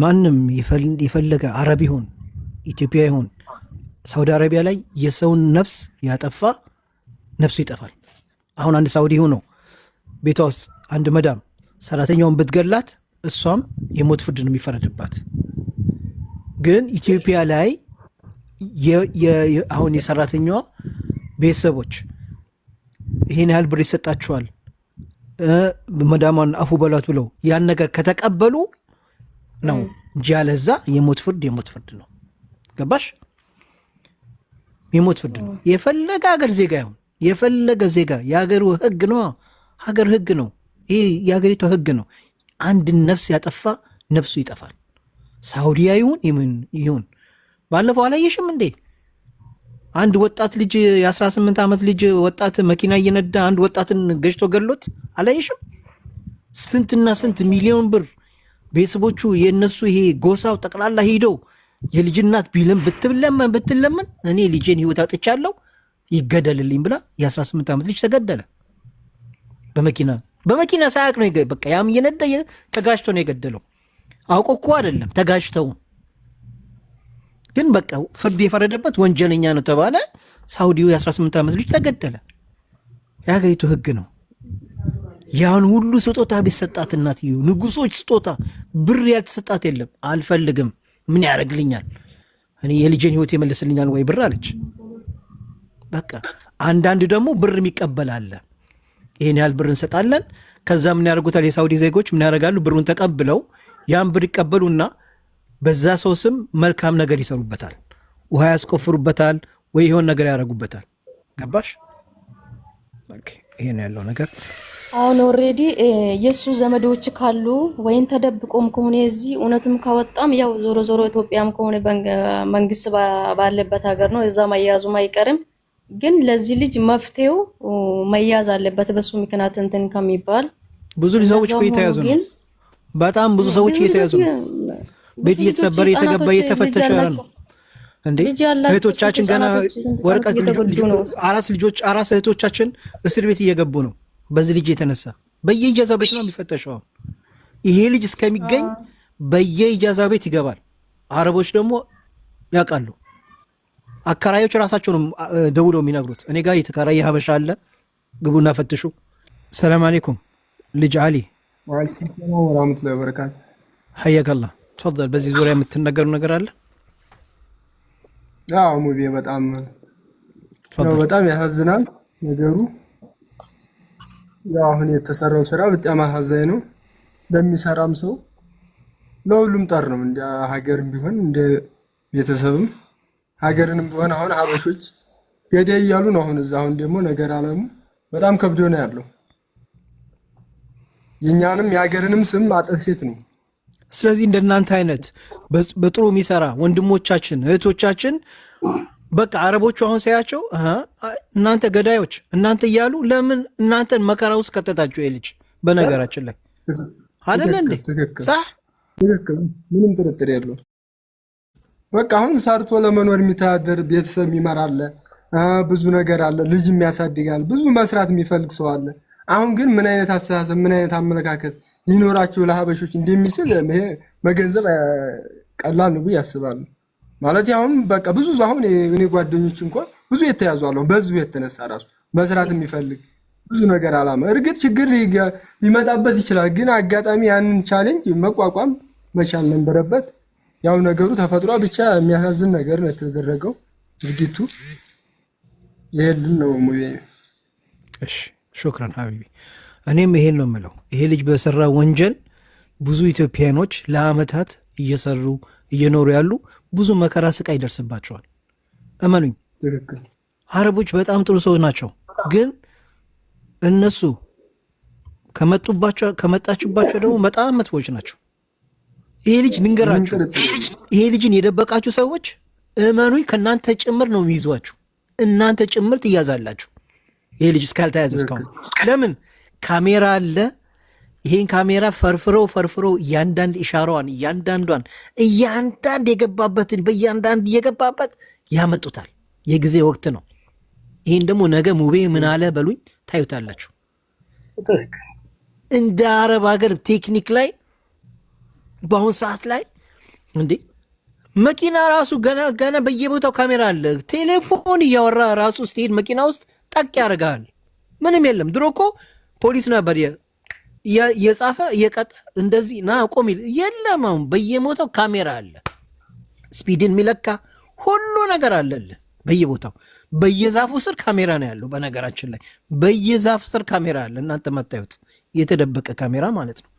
ማንም የፈለገ አረብ ይሁን ኢትዮጵያ ይሁን ሳውዲ አረቢያ ላይ የሰውን ነፍስ ያጠፋ ነፍሱ ይጠፋል። አሁን አንድ ሳውዲ ሆኖ ቤቷ ውስጥ አንድ መዳም ሰራተኛውን ብትገላት እሷም የሞት ፍርድ ነው የሚፈረድባት። ግን ኢትዮጵያ ላይ አሁን የሰራተኛዋ ቤተሰቦች ይህን ያህል ብር ይሰጣችኋል፣ መዳሟን አፉ በሏት ብለው ያን ነገር ከተቀበሉ ነው እንጂ ያለዛ የሞት ፍርድ የሞት ፍርድ ነው። ገባሽ? የሞት ፍርድ ነው። የፈለገ ሀገር ዜጋ ይሁን የፈለገ ዜጋ የሀገሩ ህግ ነው። ሀገር ህግ ነው። ይህ የሀገሪቷ ህግ ነው። አንድን ነፍስ ያጠፋ ነፍሱ ይጠፋል። ሳውዲያ ይሁን ይሁን ባለፈው አላየሽም እንዴ? አንድ ወጣት ልጅ የ18 ዓመት ልጅ ወጣት መኪና እየነዳ አንድ ወጣትን ገጭቶ ገሎት አላየሽም? ስንትና ስንት ሚሊዮን ብር ቤተሰቦቹ የእነሱ ይሄ ጎሳው ጠቅላላ ሄደው የልጅናት ቢልም ብትለመን ብትለመን እኔ ልጄን ህይወት አጥቻለሁ ይገደልልኝ ብላ የ18 ዓመት ልጅ ተገደለ። በመኪና በመኪና ሳያቅ ነው በቃ ያም እየነዳ ተጋጅቶ ነው የገደለው። አውቆ እኮ አይደለም ተጋጅተው፣ ግን በቃ ፍርድ የፈረደበት ወንጀለኛ ነው ተባለ። ሳውዲው የ18 ዓመት ልጅ ተገደለ። የሀገሪቱ ህግ ነው። ያን ሁሉ ስጦታ ቢሰጣት እናትዮ ንጉሶች ስጦታ ብር ያልተሰጣት የለም። አልፈልግም፣ ምን ያደርግልኛል? እኔ የልጄን ህይወት ይመልስልኛል ወይ ብር አለች። በቃ አንዳንድ ደግሞ ብር የሚቀበል አለ። ይህን ያህል ብር እንሰጣለን። ከዛ ምን ያደርጉታል? የሳውዲ ዜጎች ምን ያደርጋሉ? ብሩን ተቀብለው ያን ብር ይቀበሉና በዛ ሰው ስም መልካም ነገር ይሰሩበታል። ውሃ ያስቆፍሩበታል፣ ወይ የሆን ነገር ያደርጉበታል። ገባሽ? ይሄን ያለው ነገር አሁን ኦሬዲ የእሱ ዘመዶች ካሉ ወይም ተደብቆም ከሆነ እዚህ እውነትም ከወጣም ያው ዞሮ ዞሮ ኢትዮጵያም ከሆነ መንግስት ባለበት ሀገር ነው እዛ መያዙም አይቀርም። ግን ለዚህ ልጅ መፍትሄው መያዝ አለበት። በሱ ምክንያት እንትን ከሚባል ብዙ ሰዎች እየተያዙ ነው። በጣም ብዙ ሰዎች እየተያዙ ነው። ቤት እየተሰበረ የተገባ እየተፈተሸ ነው። እንዴ እህቶቻችን ገና ወረቀት አራስ ልጆች አራስ እህቶቻችን እስር ቤት እየገቡ ነው። በዚህ ልጅ የተነሳ በየኢጃዛ ቤት ነው የሚፈተሸው። ይሄ ልጅ እስከሚገኝ በየኢጃዛ ቤት ይገባል። አረቦች ደግሞ ያውቃሉ። አከራዮች ራሳቸው ነው ደውለው የሚነግሩት። እኔ ጋር የተከራየ ሀበሻ አለ፣ ግቡና ፈትሹ። ሰላም አሌይኩም ልጅ አሊ ወራህመቱላሂ ወበረካቱ። ሀያከላ ተፈል። በዚህ ዙሪያ የምትነገሩ ነገር አለ? ሙቤ በጣም በጣም ያሳዝናል ነገሩ ያው አሁን የተሰራው ስራ በጣም አሳዛኝ ነው። ለሚሰራም ሰው ለሁሉም ጠር ነው። እንደ ሀገርም ቢሆን እንደ ቤተሰብም ሀገርንም ቢሆን አሁን ሀበሾች ገዳይ እያሉ ነው። አሁን እዛ አሁን ደግሞ ነገር አለሙ በጣም ከብዶ ነው ያለው። የእኛንም የሀገርንም ስም ማጠልሴት ነው። ስለዚህ እንደናንተ አይነት በጥሩ የሚሰራ ወንድሞቻችን እህቶቻችን በቃ አረቦቹ አሁን ሳያቸው እናንተ ገዳዮች እናንተ እያሉ ለምን እናንተን መከራ ውስጥ ከተታችሁ ልጅ በነገራችን ላይ አደለ እንዴ? ምንም ጥርጥር የለው። በቃ አሁን ሰርቶ ለመኖር የሚተዳደር ቤተሰብ ይመራለ ብዙ ነገር አለ፣ ልጅ የሚያሳድጋል፣ ብዙ መስራት የሚፈልግ ሰው አለ። አሁን ግን ምን አይነት አስተሳሰብ ምን አይነት አመለካከት ሊኖራቸው ለሀበሾች እንደሚችል መገንዘብ ቀላል ነው ብዬ አስባለሁ። ማለት አሁን በቃ ብዙ አሁን እኔ ጓደኞች እንኳ ብዙ የተያዙ አለሁ በዙ የተነሳ ራሱ መስራት የሚፈልግ ብዙ ነገር አላማ እርግጥ ችግር ሊመጣበት ይችላል። ግን አጋጣሚ ያንን ቻሌንጅ መቋቋም መቻል ነበረበት። ያው ነገሩ ተፈጥሯ ብቻ የሚያሳዝን ነገር ነው የተደረገው ድርጊቱ። ይሄልን ነው ሙቤ። እሺ ሹክራን ሀቢቢ። እኔም ይሄን ነው የምለው። ይሄ ልጅ በሰራ ወንጀል ብዙ ኢትዮጵያኖች ለአመታት እየሰሩ እየኖሩ ያሉ ብዙ መከራ ስቃይ ይደርስባቸዋል። እመኑኝ፣ አረቦች በጣም ጥሩ ሰው ናቸው። ግን እነሱ ከመጣችባቸው ደግሞ በጣም መጥፎች ናቸው። ይሄ ልጅ ንንገራችሁ፣ ይሄ ልጅን የደበቃችሁ ሰዎች እመኑኝ፣ ከእናንተ ጭምር ነው የሚይዟችሁ። እናንተ ጭምር ትያዛላችሁ፣ ይሄ ልጅ እስካልተያዘ እስካሁን። ለምን ካሜራ አለ ይሄን ካሜራ ፈርፍሮ ፈርፍሮ እያንዳንድ ኢሻራዋን እያንዳንዷን እያንዳንድ የገባበትን በእያንዳንድ እየገባበት ያመጡታል። የጊዜ ወቅት ነው። ይህን ደግሞ ነገ ሙቤ ምን አለ በሉኝ ታዩታላችሁ። እንደ አረብ ሀገር ቴክኒክ ላይ በአሁን ሰዓት ላይ እንዴ መኪና ራሱ ገና ገና በየቦታው ካሜራ አለ። ቴሌፎን እያወራ ራሱ ስትሄድ መኪና ውስጥ ጠቅ ያደርጋል። ምንም የለም። ድሮ እኮ ፖሊስ ነበር የጻፈ የቀጠ እንደዚህ ና ቆም ይል የለም። አሁን በየቦታው ካሜራ አለ፣ ስፒድን የሚለካ ሁሉ ነገር አለል። በየቦታው በየዛፉ ስር ካሜራ ነው ያለው። በነገራችን ላይ በየዛፍ ስር ካሜራ አለ። እናንተ መታዩት የተደበቀ ካሜራ ማለት ነው።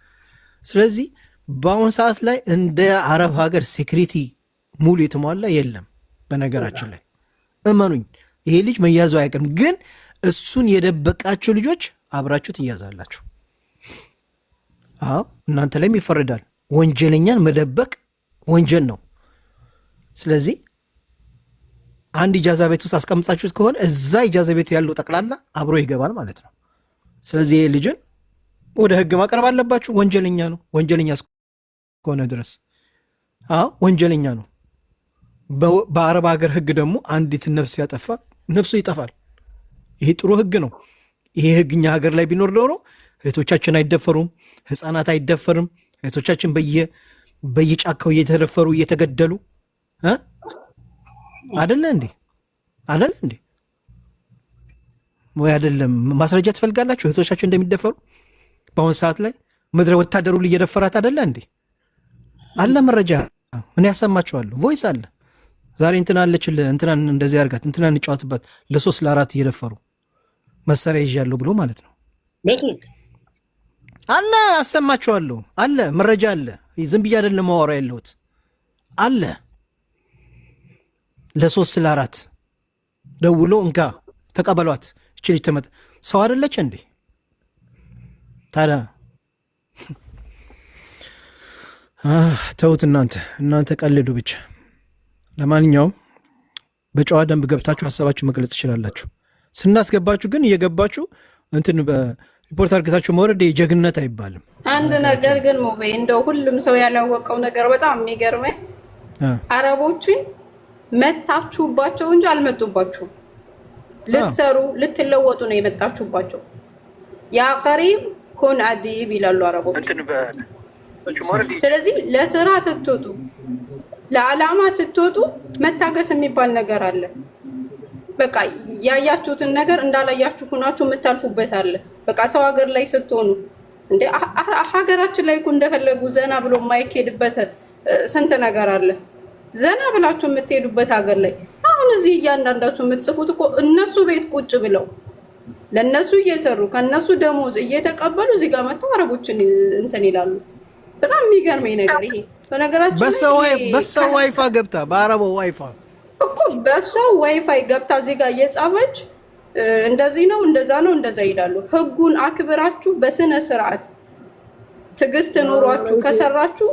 ስለዚህ በአሁን ሰዓት ላይ እንደ አረብ ሀገር ሴኩሪቲ ሙሉ የተሟላ የለም። በነገራችን ላይ እመኑኝ፣ ይሄ ልጅ መያዙ አይቀርም። ግን እሱን የደበቃቸው ልጆች አብራችሁ ትያዛላችሁ። አዎ እናንተ ላይም ይፈረዳል። ወንጀለኛን መደበቅ ወንጀል ነው። ስለዚህ አንድ ኢጃዛ ቤት ውስጥ አስቀምጣችሁት ከሆነ እዛ ኢጃዛ ቤት ያለው ጠቅላላ አብሮ ይገባል ማለት ነው። ስለዚህ ይህ ልጅን ወደ ህግ ማቅረብ አለባችሁ። ወንጀለኛ ነው። ወንጀለኛ እስከሆነ ድረስ አዎ ወንጀለኛ ነው። በአረብ ሀገር ህግ ደግሞ አንዲት ነፍስ ያጠፋ ነፍሱ ይጠፋል። ይሄ ጥሩ ህግ ነው። ይሄ ህግኛ እኛ ሀገር ላይ ቢኖር ኖሮ እህቶቻችን አይደፈሩም። ህፃናት አይደፈርም። እህቶቻችን በየጫካው እየተደፈሩ እየተገደሉ አደለ እንዴ? አደለ እንዴ? ወይ አይደለም። ማስረጃ ትፈልጋላችሁ? እህቶቻችን እንደሚደፈሩ በአሁኑ ሰዓት ላይ ምድረ ወታደሩ እየደፈራት አደለ እንዴ? አለ መረጃ እኔ ያሰማችኋለሁ። ቮይስ አለ። ዛሬ እንትና አለችል እንትናን እንደዚህ አድርጋት እንትናን እንጫወትበት ለሶስት ለአራት እየደፈሩ መሳሪያ ይዣለሁ ብሎ ማለት ነው። አለ አሰማችኋለሁ። አለ መረጃ አለ። ዝም ብዬ አይደለም ማወራ ያለሁት አለ። ለሶስት ለአራት ደውሎ እንጋ ተቀበሏት እችል ተመጥ ሰው አይደለች እንዴ ታዲያ? ተውት እናንተ እናንተ ቀልዱ ብቻ። ለማንኛውም በጨዋ ደንብ ገብታችሁ ሀሳባችሁ መግለጽ ትችላላችሁ። ስናስገባችሁ ግን እየገባችሁ እንትን ሪፖርት አድርገታችሁ መውረድ ጀግንነት አይባልም። አንድ ነገር ግን ሙቤ እንደው ሁሉም ሰው ያላወቀው ነገር በጣም የሚገርመኝ አረቦችን መታችሁባቸው እንጂ አልመጡባችሁም። ልትሰሩ ልትለወጡ ነው የመጣችሁባቸው። ያ ኮን አዲብ ይላሉ አረቦች። ስለዚህ ለስራ ስትወጡ፣ ለዓላማ ስትወጡ መታገስ የሚባል ነገር አለ። በቃ ያያችሁትን ነገር እንዳላያችሁ ሆናችሁ የምታልፉበት አለ። በቃ ሰው ሀገር ላይ ስትሆኑ እንደ ሀገራችን ላይ እኮ እንደፈለጉ ዘና ብሎ የማይኬድበት ስንት ነገር አለ። ዘና ብላችሁ የምትሄዱበት ሀገር ላይ አሁን እዚህ እያንዳንዳችሁ የምትጽፉት እኮ እነሱ ቤት ቁጭ ብለው ለእነሱ እየሰሩ ከእነሱ ደሞዝ እየተቀበሉ እዚህ ጋር መጥተው አረቦችን እንትን ይላሉ። በጣም የሚገርመኝ ነገር ይሄ በነገራችን በሰው ዋይፋ ገብታ በአረበው ዋይፋ እኮ በእሷ ዋይፋይ ገብታ እዚህ ጋር እየጻፈች እንደዚህ ነው እንደዛ ነው እንደዛ ይላሉ። ህጉን አክብራችሁ በስነ ስርዓት ትዕግስት ኖሯችሁ ከሰራችሁ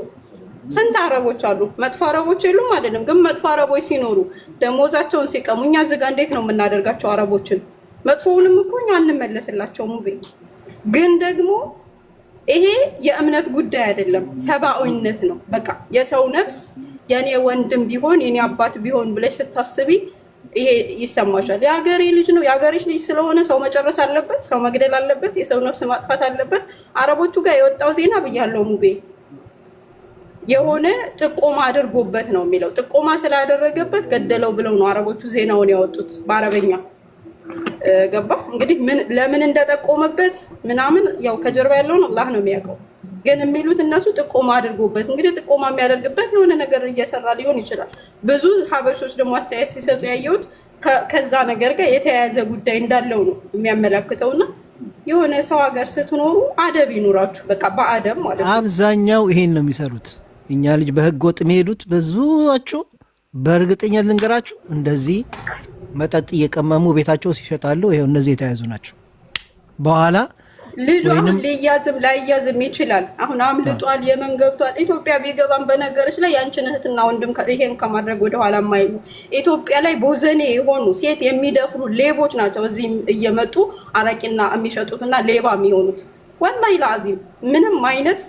ስንት አረቦች አሉ። መጥፎ አረቦች የሉም አይደለም፣ ግን መጥፎ አረቦች ሲኖሩ ደሞዛቸውን ሲቀሙ እኛ እዚህ እንዴት ነው የምናደርጋቸው? አረቦችን መጥፎውንም እኮ እኛ አንመለስላቸውም። ግን ደግሞ ይሄ የእምነት ጉዳይ አይደለም፣ ሰብአዊነት ነው። በቃ የሰው ነፍስ የኔ ወንድም ቢሆን የኔ አባት ቢሆን ብለሽ ስታስቢ ይሄ ይሰማሻል። የሀገሬ ልጅ ነው የሀገሬሽ ልጅ ስለሆነ ሰው መጨረስ አለበት፣ ሰው መግደል አለበት፣ የሰው ነፍስ ማጥፋት አለበት። አረቦቹ ጋር የወጣው ዜና ብያለው ሙቤ የሆነ ጥቆማ አድርጎበት ነው የሚለው። ጥቆማ ስላደረገበት ገደለው ብለው ነው አረቦቹ ዜናውን ያወጡት በአረበኛ ገባ። እንግዲህ ለምን እንደጠቆመበት ምናምን ያው ከጀርባ ያለውን አላህ ነው የሚያውቀው። ግን የሚሉት እነሱ ጥቆማ አድርጎበት እንግዲህ ጥቆማ የሚያደርግበት የሆነ ነገር እየሰራ ሊሆን ይችላል። ብዙ ሀበሾች ደግሞ አስተያየት ሲሰጡ ያየሁት ከዛ ነገር ጋር የተያያዘ ጉዳይ እንዳለው ነው የሚያመላክተው የሚያመላክተውና የሆነ ሰው ሀገር ስትኖሩ አደብ ይኑራችሁ። በቃ በአደብ ማለት ነው። አብዛኛው ይሄን ነው የሚሰሩት። እኛ ልጅ በህገ ወጥ የሚሄዱት ብዙዎቹ በእርግጠኛ ልንገራችሁ፣ እንደዚህ መጠጥ እየቀመሙ ቤታቸው ሲሸጣሉ። ይኸው እነዚህ የተያያዙ ናቸው በኋላ ልጁ አሁን ሊያዝም ላይያዝም ይችላል። አሁን አምልጧል፣ የመን ገብቷል። ኢትዮጵያ ቢገባም በነገሮች ላይ ያንችን እህትና ወንድም ይሄን ከማድረግ ወደኋላ ማይሉ ኢትዮጵያ ላይ ቦዘኔ የሆኑ ሴት የሚደፍሩ ሌቦች ናቸው እዚህ እየመጡ አረቂና የሚሸጡትና ሌባ የሚሆኑት ወላሂ ለአዚም ምንም አይነት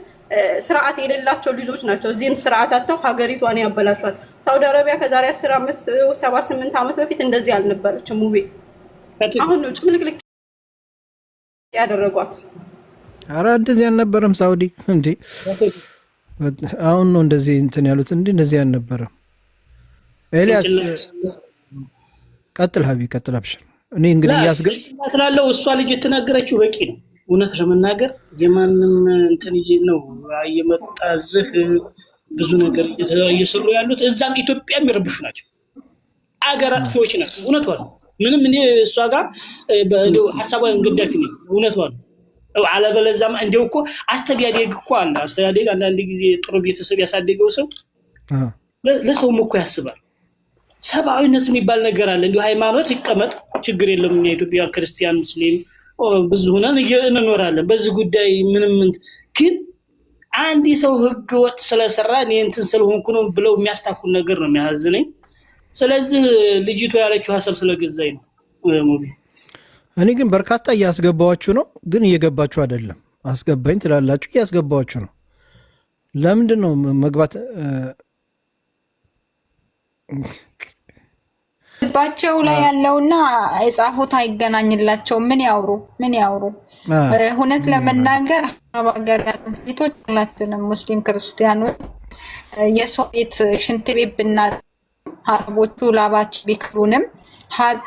ስርዓት የሌላቸው ልጆች ናቸው። እዚህም ስርዓት አጥተው ሀገሪቷን ያበላሿል። ሳውዲ አረቢያ ከዛሬ አስር ዓመት ሰባ ስምንት ዓመት በፊት እንደዚህ አልነበረችም። ውቤ አሁን ነው ጭምልቅልቅ ያደረጓት? አረ እንደዚህ አልነበረም። ሳውዲ እንዴ አሁን ነው እንደዚህ እንትን ያሉት እንዲ እንደዚህ አልነበረም። ኤልያስ ቀጥል፣ ሀቢ ቀጥል፣ አብሽር። እኔ እንግዲህ እያስገ ስላለው እሷ ልጅ የተናገረችው በቂ ነው። እውነት ለመናገር የማንም እንትን ነው እየመጣ እዚህ ብዙ ነገር እየሰሩ ያሉት እዛም ኢትዮጵያም ይረብሹ ናቸው። አገር አጥፊዎች ናቸው። እውነት ነው። ምንም እኔ እሷ ጋር ሀሳቧ እንግዳት ነ እውነቷ ነው። አለበለዛም እንዲው እኮ አስተዳደግ እኮ አለ። አስተዳደግ አንዳንድ ጊዜ ጥሩ ቤተሰብ ያሳደገው ሰው ለሰውም እኮ ያስባል። ሰብአዊነት የሚባል ነገር አለ። እንዲሁ ሃይማኖት ይቀመጥ ችግር የለም። እኛ ኢትዮጵያ ክርስቲያን፣ ሙስሊም ብዙ ሆነን እንኖራለን። በዚህ ጉዳይ ምንም ግን አንድ ሰው ህገወጥ ስለሰራ እኔ እንትን ስለሆንኩ ነው ብለው የሚያስታኩል ነገር ነው የሚያሳዝነኝ። ስለዚህ ልጅቱ ያለችው ሀሳብ ስለገዛኝ ነው። እኔ ግን በርካታ እያስገባዋችሁ ነው፣ ግን እየገባችሁ አይደለም። አስገባኝ ትላላችሁ፣ እያስገባዋችሁ ነው። ለምንድን ነው መግባት ባቸው ላይ ያለውና የጻፉት አይገናኝላቸው። ምን ያውሩ ምን ያውሩ? እውነት ለመናገር ሀገር ያለን ሴቶች ሁላችንም ሙስሊም ክርስቲያኖች የሰው ቤት ሽንት ቤት ብናት አረቦቹ ላባች ቢክሩንም ሀቅ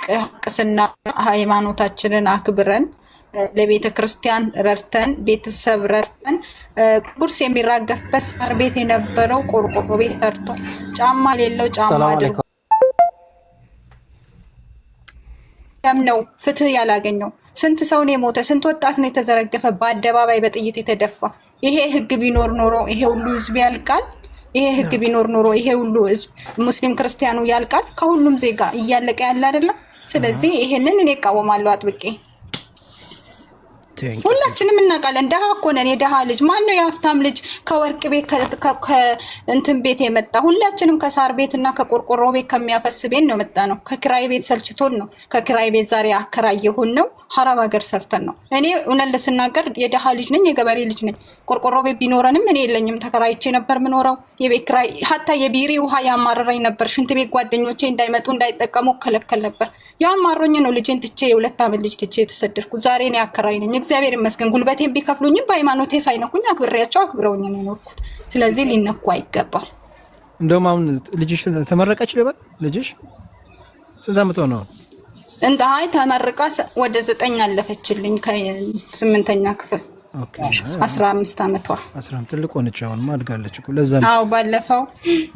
ስና ሃይማኖታችንን አክብረን ለቤተ ክርስቲያን ረድተን ቤተሰብ ረድተን ቁርስ የሚራገፍበት ሳር ቤት የነበረው ቆርቆሮ ቤት ሰርቶ ጫማ የሌለው ጫማ ደም ነው ፍትህ ያላገኘው። ስንት ሰው ነው የሞተ? ስንት ወጣት ነው የተዘረገፈ፣ በአደባባይ በጥይት የተደፋ? ይሄ ህግ ቢኖር ኖሮ ይሄ ሁሉ ህዝብ ያልቃል? ይሄ ህግ ቢኖር ኖሮ ይሄ ሁሉ ህዝብ ሙስሊም ክርስቲያኑ ያልቃል፣ ከሁሉም ዜጋ እያለቀ ያለ አይደለም። ስለዚህ ይሄንን እኔ እቃወማለሁ አጥብቄ። ሁላችንም እናውቃለን። ደሃ እኮ ነን። የደሃ ልጅ ማን ነው? የሀብታም ልጅ ከወርቅ ቤት ከእንትን ቤት የመጣ ሁላችንም ከሳር ቤት እና ከቆርቆሮ ቤት ከሚያፈስ ቤት ነው መጣ ነው። ከክራይ ቤት ሰልችቶን ነው ከክራይ ቤት ዛሬ አከራየሁን ነው ሀራብ ሀገር ሰርተን ነው። እኔ እውነት ልስናገር የደሃ ልጅ ነኝ፣ የገበሬ ልጅ ነኝ። ቆርቆሮ ቤት ቢኖረንም እኔ የለኝም፣ ተከራይቼ ነበር ምኖረው። የቤት ኪራይ ሀታ የቢሪ ውሃ ያማረረኝ ነበር። ሽንት ቤት ጓደኞቼ እንዳይመጡ እንዳይጠቀሙ ከለከል ነበር። ያማሮኝ ነው ልጄን ትቼ የሁለት ዓመት ልጅ ትቼ የተሰደድኩ። ዛሬ እኔ አከራይ ነኝ፣ እግዚአብሔር ይመስገን። ጉልበቴን ቢከፍሉኝም በሃይማኖቴ ሳይነኩኝ አክብሬያቸው አክብረውኝ ነው የኖርኩት። ስለዚህ ሊነኩ አይገባል። እንደውም አሁን ልጅሽ ተመረቀች ልበል? ልጅሽ ስንት ዓመት ሆነው? እንደ አይ ተመርቃ ወደ ዘጠኝ አለፈችልኝ ከስምንተኛ ክፍል አስራ አምስት አመቷ ትልቅ ሆነች። አሁን አድጋለች እኮ ለዛ ነው። አዎ ባለፈው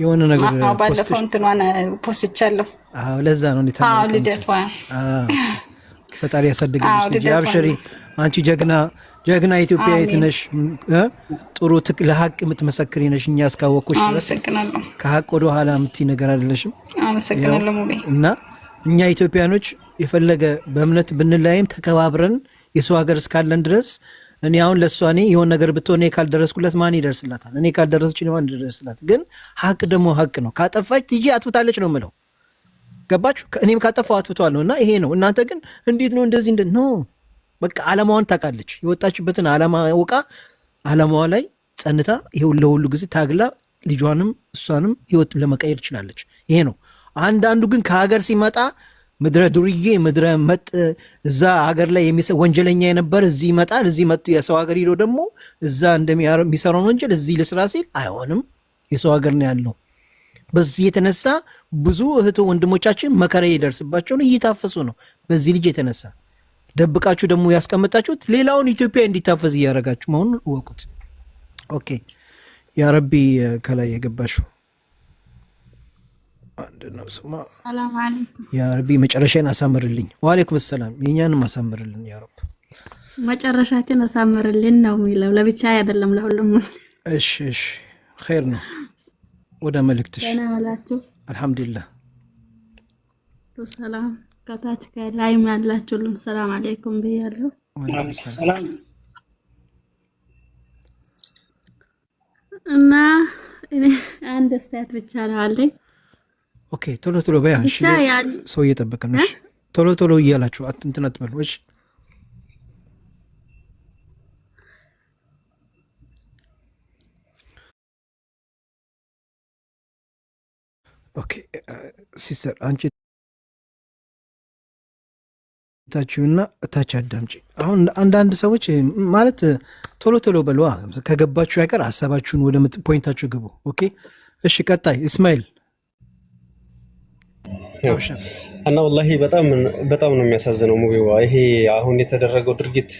የሆነ ነገር አዎ ባለፈው እንትኗን ፖስቻለሁ። አዎ ለዛ ነው እንዴ አዎ ልደቷ አዎ ፈጣሪ ያሳድግልሽ። አብሽሪ አንቺ ጀግና ጀግና ኢትዮጵያዊት ነሽ። ጥሩ ትክ ለሀቅ የምትመሰክሪ ነሽ። እኛ እስካወቅኩሽ ድረስ ከሀቅ ወደ ኋላ የምትይ ነገር አይደለሽም። አመሰግናለሁ ሙቤ እና እኛ ኢትዮጵያኖች የፈለገ በእምነት ብንለያይም ተከባብረን የሰው ሀገር እስካለን ድረስ እኔ አሁን ለእሷ እኔ የሆን ነገር ብትሆን እኔ ካልደረስኩለት ማን ይደርስላታል? እኔ ካልደረስች ማን ይደርስላት? ግን ሀቅ ደግሞ ሀቅ ነው። ካጠፋች ትዬ አጥፍታለች ነው ምለው። ገባችሁ? እኔም ካጠፋው አጥፍቷለሁ እና ይሄ ነው። እናንተ ግን እንዴት ነው እንደዚህ እንደ ኖ በቃ አላማዋን ታውቃለች። የወጣችበትን አላማ ወቃ አላማዋ ላይ ጸንታ ይኸው ለሁሉ ጊዜ ታግላ ልጇንም እሷንም ህይወት ለመቀየር ትችላለች። ይሄ ነው አንዳንዱ ግን ከሀገር ሲመጣ ምድረ ዱርዬ ምድረ መጥ እዛ ሀገር ላይ ወንጀለኛ የነበር እዚህ ይመጣል። እዚህ መጥ የሰው ሀገር ሄዶ ደግሞ እዛ እንደሚሰራውን ወንጀል እዚህ ልስራ ሲል አይሆንም። የሰው ሀገር ነው ያለው። በዚህ የተነሳ ብዙ እህቶ ወንድሞቻችን መከራ የደርስባቸውን እየታፈሱ ነው። በዚህ ልጅ የተነሳ ደብቃችሁ ደግሞ ያስቀመጣችሁት ሌላውን ኢትዮጵያ እንዲታፈዝ እያደረጋችሁ መሆኑን እወቁት። ኦኬ፣ ከላይ የገባሽው አንድ ነው ስማ ያ ረቢ መጨረሻን አሳምርልኝ። ዋሌኩም ሰላም የኛንም አሳምርልን ያረብ፣ መጨረሻችን አሳምርልን ነው የሚለው ለብቻ አይደለም ለሁሉም ሙስሊም። እሺ እሺ ኸይር ነው። ወደ መልእክትሽ አልሐምዱሊላህ። ሰላም ከታች ከላይ ያላችሁ ሁሉም ሰላም አለይኩም ብያለሁ። እና አንድ አስተያየት ብቻ ነው አለኝ ኦኬ ቶሎ ቶሎ በያ ሰው እየጠበቀ ነው። ቶሎ ቶሎ እያላችሁ እንትን አትበሉ። እሺ ኦኬ ሲስተር አንቺ ታችሁና እታች አዳምጪ። አሁን አንዳንድ ሰዎች ማለት ቶሎ ቶሎ በለዋ ከገባችሁ አይቀር ሀሳባችሁን ወደ ፖይንታችሁ ግቡ። ኦኬ እሺ ቀጣይ እስማኤል እና ወላሂ በጣም ነው የሚያሳዝነው ሙቢዋ። ይሄ አሁን የተደረገው ድርጊት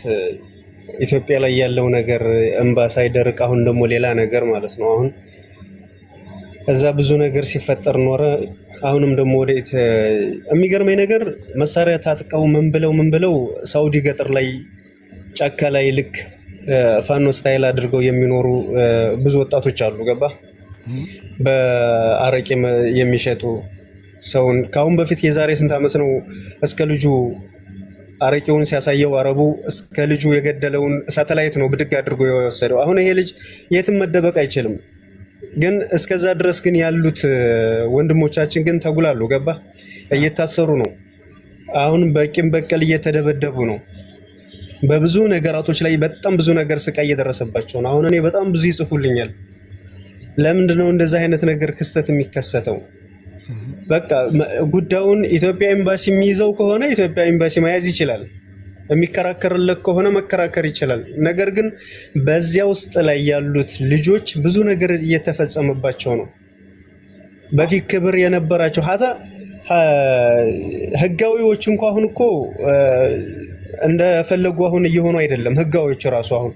ኢትዮጵያ ላይ ያለው ነገር እንባ ሳይደርቅ አሁን ደግሞ ሌላ ነገር ማለት ነው። አሁን እዛ ብዙ ነገር ሲፈጠር ኖረ። አሁንም ደግሞ ወደ የሚገርመኝ ነገር መሳሪያ ታጥቀው ምን ብለው ምን ብለው ሳውዲ ገጠር ላይ ጫካ ላይ ልክ ፋኖ ስታይል አድርገው የሚኖሩ ብዙ ወጣቶች አሉ። ገባ በአረቄ የሚሸጡ ሰውን ከአሁን በፊት የዛሬ ስንት ዓመት ነው እስከ ልጁ አረቂውን ሲያሳየው አረቡ እስከ ልጁ የገደለውን ሳተላይት ነው ብድግ አድርጎ የወሰደው። አሁን ይሄ ልጅ የትም መደበቅ አይችልም። ግን እስከዛ ድረስ ግን ያሉት ወንድሞቻችን ግን ተጉላሉ። ገባ እየታሰሩ ነው። አሁን በቂም በቀል እየተደበደቡ ነው። በብዙ ነገራቶች ላይ በጣም ብዙ ነገር ስቃይ እየደረሰባቸው ነው። አሁን እኔ በጣም ብዙ ይጽፉልኛል። ለምንድነው እንደዚህ አይነት ነገር ክስተት የሚከሰተው? በቃ ጉዳዩን ኢትዮጵያ ኤምባሲ የሚይዘው ከሆነ ኢትዮጵያ ኤምባሲ መያዝ ይችላል። የሚከራከርለት ከሆነ መከራከር ይችላል። ነገር ግን በዚያ ውስጥ ላይ ያሉት ልጆች ብዙ ነገር እየተፈጸመባቸው ነው። በፊት ክብር የነበራቸው ሀታ ህጋዊዎች እንኳ አሁን እኮ እንደፈለጉ አሁን እየሆኑ አይደለም። ህጋዊዎቹ ራሱ አሁን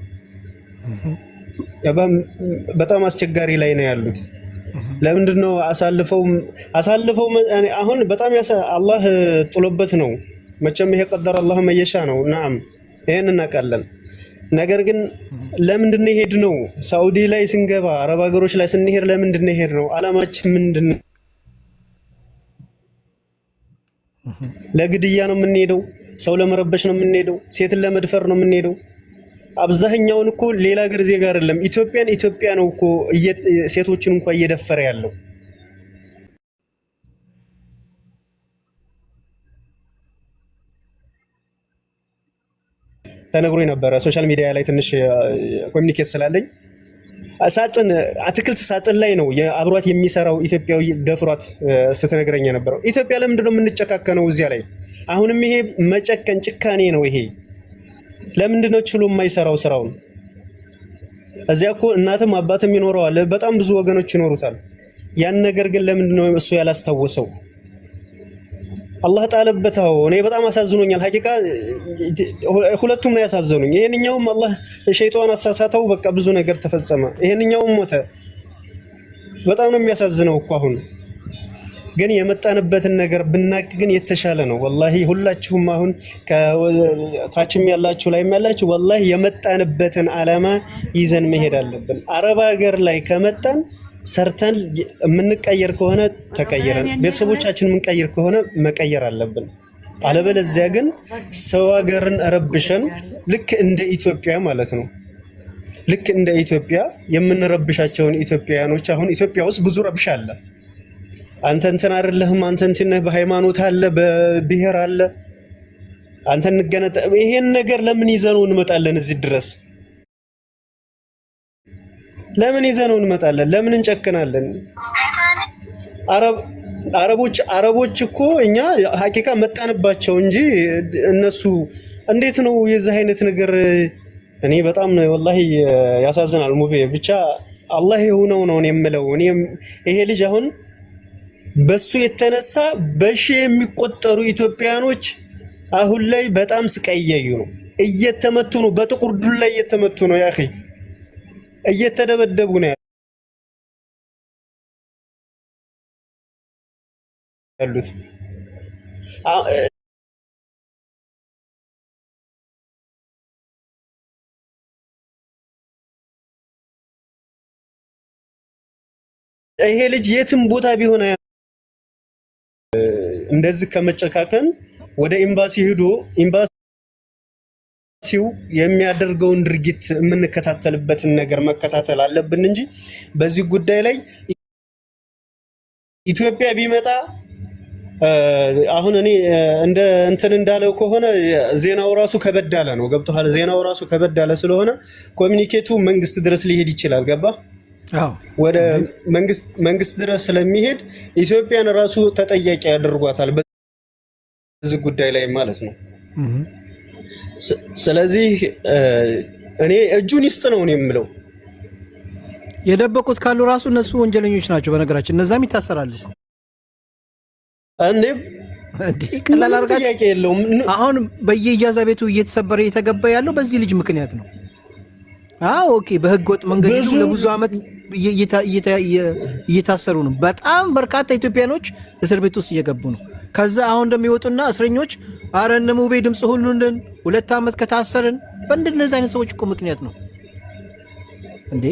በጣም አስቸጋሪ ላይ ነው ያሉት። ለምንድን ነው አሳልፈው አሳልፈው አሁን በጣም አላህ ጥሎበት ነው መቼም ይሄ ቀደር አላህ መየሻ ነው። ናም ይሄን እናውቃለን። ነገር ግን ለምንድን ነው ሄድ ነው ሳውዲ ላይ ስንገባ አረብ ሀገሮች ላይ ስንሄድ ለምንድን ነው ሄድ ነው አላማችን ምንድን ለግድያ ነው የምንሄደው? ሰው ለመረበሽ ነው የምንሄደው? ሴትን ለመድፈር ነው የምንሄደው? አብዛኛውን እኮ ሌላ ሀገር ዜጋ አይደለም ኢትዮጵያን ኢትዮጵያ ነው እኮ ሴቶችን እንኳ እየደፈረ ያለው። ተነግሮ ነበረ ሶሻል ሚዲያ ላይ ትንሽ ኮሚኒኬት ስላለኝ ሳጥን አትክልት ሳጥን ላይ ነው አብሯት የሚሰራው ኢትዮጵያዊ ደፍሯት ስትነግረኝ የነበረው ኢትዮጵያ ለምንድነው የምንጨካከነው? እዚያ ላይ አሁንም ይሄ መጨከን ጭካኔ ነው ይሄ። ለምንድን ነው ችሎ የማይሰራው ስራውን? እዚያ እኮ እናትም አባትም ይኖረዋል፣ በጣም ብዙ ወገኖች ይኖሩታል። ያን ነገር ግን ለምንድን ነው እሱ ያላስታወሰው? አላህ ጣለበታው እኔ በጣም አሳዝኖኛል። ሀቂቃ ሁለቱም ነው ያሳዘኑኝ። ይሄንኛውም አላህ ሸይጣን አሳሳተው፣ በቃ ብዙ ነገር ተፈጸመ። ይሄንኛውም ሞተ። በጣም ነው የሚያሳዝነው እኮ አሁን ግን የመጣንበትን ነገር ብናቅ ግን የተሻለ ነው። ወላሂ ሁላችሁም አሁን ታችም ያላችሁ ላይም ያላችሁ ወላሂ የመጣንበትን አላማ ይዘን መሄድ አለብን። አረብ ሀገር ላይ ከመጣን ሰርተን የምንቀየር ከሆነ ተቀይረን ቤተሰቦቻችን የምንቀይር ከሆነ መቀየር አለብን። አለበለዚያ ግን ሰው ሀገርን ረብሸን ልክ እንደ ኢትዮጵያ ማለት ነው ልክ እንደ ኢትዮጵያ የምንረብሻቸውን ኢትዮጵያውያኖች አሁን ኢትዮጵያ ውስጥ ብዙ ረብሻ አለ። አንተ እንትን አይደለህም፣ አንተ እንትን ነህ፣ በሃይማኖት አለ፣ በብሔር አለ፣ አንተ እንገነጠ ይሄን ነገር ለምን ይዘነው እንመጣለን? እዚህ ድረስ ለምን ይዘነው እንመጣለን? ለምን እንጨክናለን? አረብ አረቦች አረቦች እኮ እኛ ሀቂቃ መጣንባቸው እንጂ እነሱ እንዴት ነው የዚህ አይነት ነገር? እኔ በጣም ነው ወላሂ ያሳዝናል። ሙቤ ብቻ አላህ የሆነው ነው የምለው እኔ ይሄ ልጅ አሁን በሱ የተነሳ በሺህ የሚቆጠሩ ኢትዮጵያኖች አሁን ላይ በጣም ስቀየዩ ነው። እየተመቱ ነው። በጥቁር ዱላ እየተመቱ ነው። ያ እየተደበደቡ ነው ያሉት። ይሄ ልጅ የትም ቦታ ቢሆን እንደዚህ ከመጨካከን ወደ ኤምባሲ ሄዶ ኤምባሲው የሚያደርገውን ድርጊት የምንከታተልበትን ነገር መከታተል አለብን እንጂ በዚህ ጉዳይ ላይ ኢትዮጵያ ቢመጣ አሁን እኔ እንደ እንትን እንዳለው ከሆነ ዜናው ራሱ ከበዳለ ነው። ገብቶሃል? ዜናው ራሱ ከበዳለ ስለሆነ ኮሚኒኬቱ መንግስት ድረስ ሊሄድ ይችላል። ገባ ወደ መንግስት ድረስ ስለሚሄድ ኢትዮጵያን ራሱ ተጠያቂ ያደርጓታል በዚህ ጉዳይ ላይ ማለት ነው። ስለዚህ እኔ እጁን ይስጥ ነው እኔ የምለው። የደበቁት ካሉ ራሱ እነሱ ወንጀለኞች ናቸው። በነገራችን እነዛም ይታሰራሉ። ቀላል ጥያቄ የለውም። አሁን በየኢጃዛ ቤቱ እየተሰበረ እየተገባ ያለው በዚህ ልጅ ምክንያት ነው። አዎ ኦኬ። በህገ ወጥ መንገድ ሄዱ ለብዙ ዓመት እየታሰሩ ነው። በጣም በርካታ ኢትዮጵያኖች እስር ቤት ውስጥ እየገቡ ነው። ከዛ አሁን እንደሚወጡና እስረኞች አረ እነ ሙቤ ድምፅ ሁሉልን ሁለት ዓመት ከታሰርን በእንደነዚህ አይነት ሰዎች እኮ ምክንያት ነው እንዴ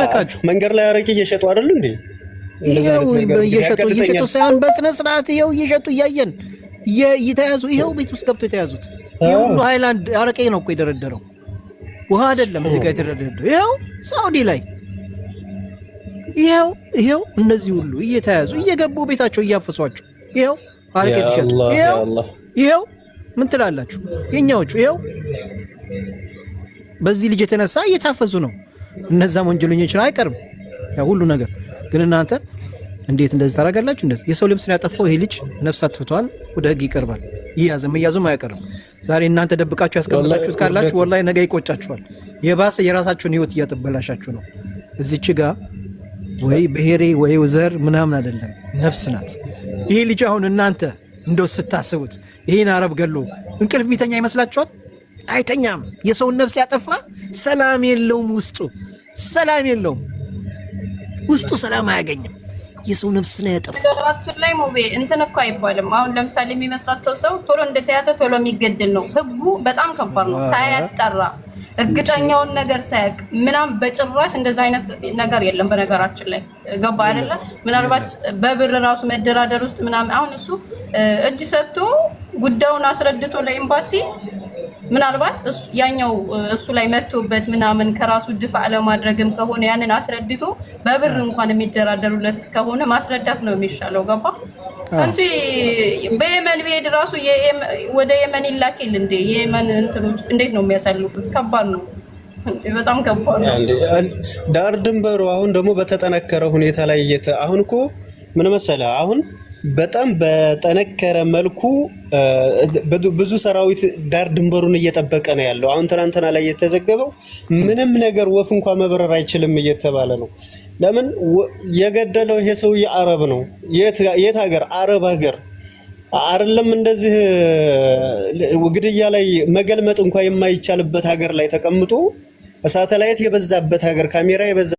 መለካችሁ። መንገድ ላይ አረቄ እየሸጡ አይደሉ እንዴ? እየሸጡ እየሸጡ ሳይሆን በስነ ስርዓት ይኸው እየሸጡ እያየን እየተያዙ ይኸው ቤት ውስጥ ገብቶ የተያዙት የሁሉ ሃይላንድ አረቄ ነው እኮ የደረደረው። ውሃ አይደለም እዚህ ጋር የተረደደው። ይኸው ሳውዲ ላይ ይኸው ይኸው እነዚህ ሁሉ እየተያዙ እየገቡ ቤታቸው እያፈሷቸው ይኸው አረቄ ሲሸጡ ይኸው ይኸው ምን ትላላችሁ? የኛዎቹ ይኸው በዚህ ልጅ የተነሳ እየታፈሱ ነው። እነዛም ወንጀለኞች አይቀርም ያው ሁሉ ነገር ግን እናንተ እንዴት እንደዚህ ታደርጋላችሁ? እንደዚህ የሰው ልብስን ያጠፋው ይሄ ልጅ ነፍስ አጥፍቷል፣ ወደ ህግ ይቀርባል። ይያዘ መያዙም አያቀርም። ዛሬ እናንተ ደብቃችሁ ያስቀመጣችሁት ካላችሁ ወላሂ ነገ ይቆጫችኋል። የባሰ የራሳችሁን ህይወት እያጠበላሻችሁ ነው። እዚች ጋ ወይ ብሔሬ ወይ ዘር ምናምን አይደለም፣ ነፍስ ናት። ይሄ ልጅ አሁን እናንተ እንደው ስታስቡት ይህን አረብ ገሎ እንቅልፍ የሚተኛ ይመስላችኋል? አይተኛም። የሰውን ነፍስ ያጠፋ ሰላም የለውም፣ ውስጡ ሰላም የለውም፣ ውስጡ ሰላም አያገኝም። የሰው ነፍስ ነው ያጠፋው። ላይ ሙቤ እንትን እኮ አይባልም። አሁን ለምሳሌ የሚመስላቸው ሰው ቶሎ እንደተያዘ ቶሎ የሚገድል ነው። ህጉ በጣም ከባድ ነው። ሳያጠራ እርግጠኛውን ነገር ሳያቅ ምናምን በጭራሽ እንደዚ አይነት ነገር የለም። በነገራችን ላይ ገባ አይደለ? ምናልባት በብር ራሱ መደራደር ውስጥ ምናምን አሁን እሱ እጅ ሰጥቶ ጉዳዩን አስረድቶ ለኤምባሲ ምናልባት ያኛው እሱ ላይ መጥቶበት ምናምን ከራሱ ድፋ ለማድረግም ከሆነ ያንን አስረድቶ በብር እንኳን የሚደራደሩለት ከሆነ ማስረዳት ነው የሚሻለው። ገባ አንቺ በየመን ብሄድ ራሱ ወደ የመን ይላኬል እንዴ? የየመን እንትኖች እንዴት ነው የሚያሳልፉት? ከባድ ነው። በጣም ከባድ ነው። ዳር ድንበሩ አሁን ደግሞ በተጠነከረ ሁኔታ ላይ አሁን እኮ ምን መሰለህ አሁን በጣም በጠነከረ መልኩ ብዙ ሰራዊት ዳር ድንበሩን እየጠበቀ ነው ያለው። አሁን ትናንትና ላይ የተዘገበው ምንም ነገር ወፍ እንኳ መብረር አይችልም እየተባለ ነው። ለምን የገደለው ይሄ ሰውዬ አረብ ነው። የት ሀገር? አረብ ሀገር አይደለም። እንደዚህ ግድያ ላይ መገልመጥ እንኳ የማይቻልበት ሀገር ላይ ተቀምጦ ሳተላይት የበዛበት ሀገር ካሜራ የበዛ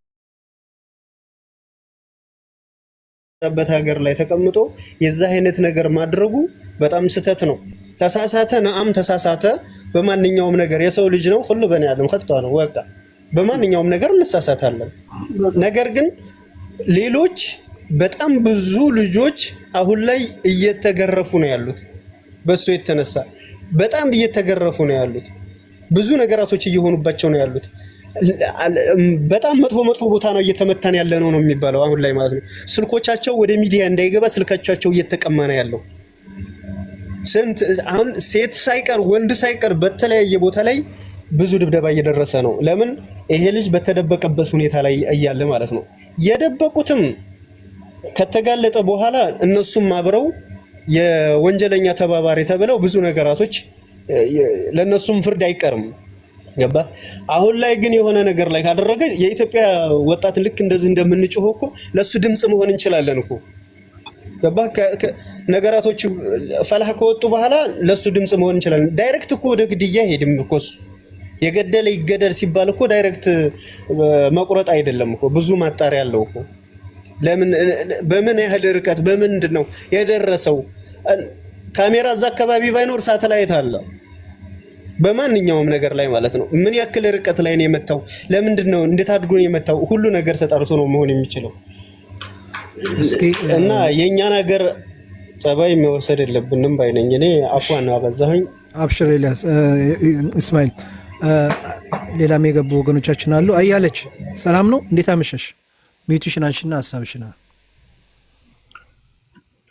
በት ሀገር ላይ ተቀምጦ የዛ አይነት ነገር ማድረጉ በጣም ስህተት ነው። ተሳሳተ፣ ነአም ተሳሳተ። በማንኛውም ነገር የሰው ልጅ ነው፣ ሁሉ በኒ አለም ከጥቷ ነው። በቃ በማንኛውም ነገር እንሳሳታለን። ነገር ግን ሌሎች በጣም ብዙ ልጆች አሁን ላይ እየተገረፉ ነው ያሉት፣ በሱ የተነሳ በጣም እየተገረፉ ነው ያሉት። ብዙ ነገራቶች እየሆኑባቸው ነው ያሉት። በጣም መጥፎ መጥፎ ቦታ ነው እየተመታን ያለ ነው ነው የሚባለው አሁን ላይ ማለት ነው። ስልኮቻቸው ወደ ሚዲያ እንዳይገባ ስልካቻቸው እየተቀማ ነው ያለው። ስንት አሁን ሴት ሳይቀር ወንድ ሳይቀር በተለያየ ቦታ ላይ ብዙ ድብደባ እየደረሰ ነው። ለምን ይሄ ልጅ በተደበቀበት ሁኔታ ላይ እያለ ማለት ነው። የደበቁትም ከተጋለጠ በኋላ እነሱም አብረው የወንጀለኛ ተባባሪ ተብለው ብዙ ነገራቶች ለእነሱም ፍርድ አይቀርም። ገባ። አሁን ላይ ግን የሆነ ነገር ላይ ካደረገ የኢትዮጵያ ወጣት ልክ እንደዚህ እንደምንጮህ እኮ ለሱ ድምፅ መሆን እንችላለን እኮ ገባ። ነገራቶቹ ፈላህ ከወጡ በኋላ ለሱ ድምፅ መሆን እንችላለን። ዳይሬክት እኮ ወደ ግድያ ሄድም እኮ እሱ የገደለ ይገደል ሲባል እኮ ዳይሬክት መቁረጥ አይደለም እኮ ብዙ ማጣሪያ አለው እኮ። ለምን በምን ያህል ርቀት በምንድን ነው የደረሰው? ካሜራ እዛ አካባቢ ባይኖር ሳተላይት አለ። በማንኛውም ነገር ላይ ማለት ነው። ምን ያክል ርቀት ላይ ነው የመታው? ለምንድን ነው እንዴት አድርጎ ነው የመታው? ሁሉ ነገር ተጠርሶ ነው መሆን የሚችለው እና የእኛን ነገር ጸባይ መወሰድ የለብንም ባይነኝ። እኔ ነው አበዛሁኝ። አብሽር ኤልያስ እስማኤል፣ ሌላም የገቡ ወገኖቻችን አሉ። አያለች ሰላም ነው፣ እንዴት አመሸሽ? ሚዩትሽናሽና ሀሳብሽና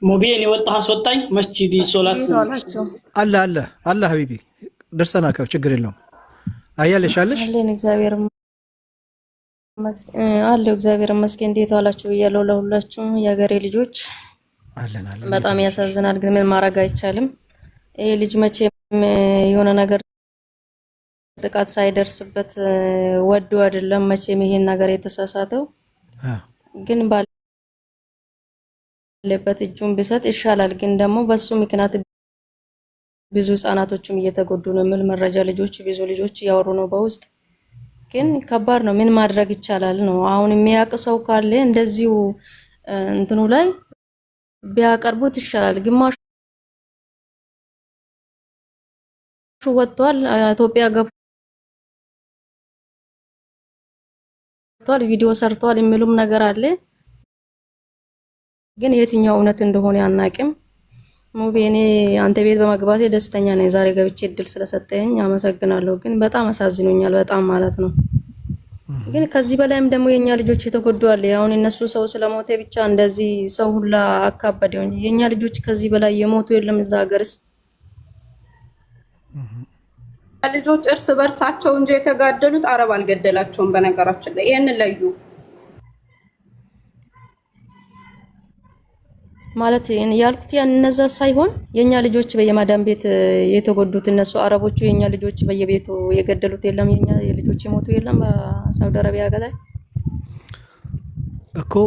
ሙቢዬን የወጣ አስወጣኝ መስጂድ ሶላት አለ አለ አለ ሀቢቢ ደርሰና ከው ችግር የለውም። አያለሽ አለሽ አለን እግዚአብሔር አለው እግዚአብሔር ይመስገን። እንዴት ዋላችሁ እያለው ለሁላችሁም የሀገሬ ልጆች አለን አለን። በጣም ያሳዝናል፣ ግን ምን ማድረግ አይቻልም። ይሄ ልጅ መቼም የሆነ ነገር ጥቃት ሳይደርስበት ወዶ አይደለም መቼም ይሄን ነገር የተሳሳተው ግን ባለበት እጁን ቢሰጥ ይሻላል። ግን ደግሞ በሱ ምክንያት ብዙ ህጻናቶችም እየተጎዱ ነው የሚል መረጃ ልጆች ብዙ ልጆች እያወሩ ነው። በውስጥ ግን ከባድ ነው። ምን ማድረግ ይቻላል ነው። አሁን የሚያውቅ ሰው ካለ እንደዚሁ እንትኑ ላይ ቢያቀርቡት ይሻላል። ግማሹ ወጥቷል፣ ኢትዮጵያ ገብቷል፣ ቪዲዮ ሰርቷል የሚሉም ነገር አለ። ግን የትኛው እውነት እንደሆነ አናውቅም። ሙቢ እኔ አንተ ቤት በመግባቴ ደስተኛ ነኝ። ዛሬ ገብቼ እድል ስለሰጠኝ አመሰግናለሁ። ግን በጣም አሳዝኖኛል፣ በጣም ማለት ነው። ግን ከዚህ በላይም ደግሞ የኛ ልጆች የተጎዱ አለ። አሁን እነሱ ሰው ስለሞተ ብቻ እንደዚህ ሰው ሁላ አካበደው እንጂ የኛ ልጆች ከዚህ በላይ የሞቱ የለም። እዛ ሀገርስ ልጆች እርስ በርሳቸው እንጂ የተጋደሉት አረብ አልገደላቸውም። በነገራችን ላይ ይሄን ለዩ ማለት ያልኩት ያን እነዛ ሳይሆን የኛ ልጆች በየማዳም ቤት የተጎዱት እነሱ አረቦቹ የኛ ልጆች በየቤቱ የገደሉት የለም፣ የኛ ልጆች የሞቱ የለም። በሳውዲ አረቢያ ገላይ እኮ